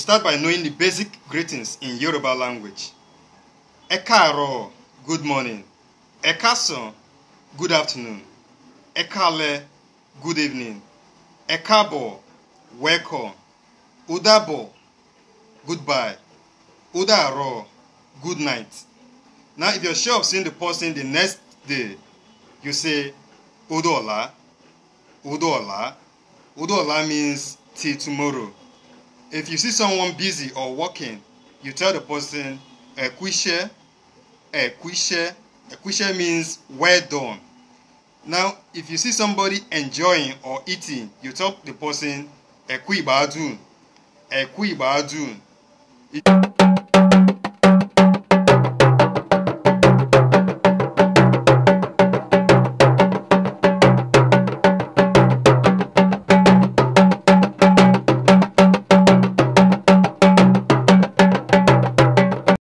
start by knowing the basic greetings in Yoruba language. Ẹ káàárọ̀, good morning. Ẹ káàsán, good afternoon. Ẹ káalẹ́, good evening. Ẹ káàbọ̀, welcome. Ó dàbọ̀, goodbye. Ó dàárọ̀, good night. Now, if you're sure of seeing the person the next day, you say, Ó dọ̀la. Ó dọ̀la. Ó dọ̀la means till tomorrow. If you see someone busy or working, you tell the person, Ekwishe, Ekwishe. Ekwishe means well done. Now, if you see somebody enjoying or eating, you tell the person, Ekwi Badun, Ekwi Badun.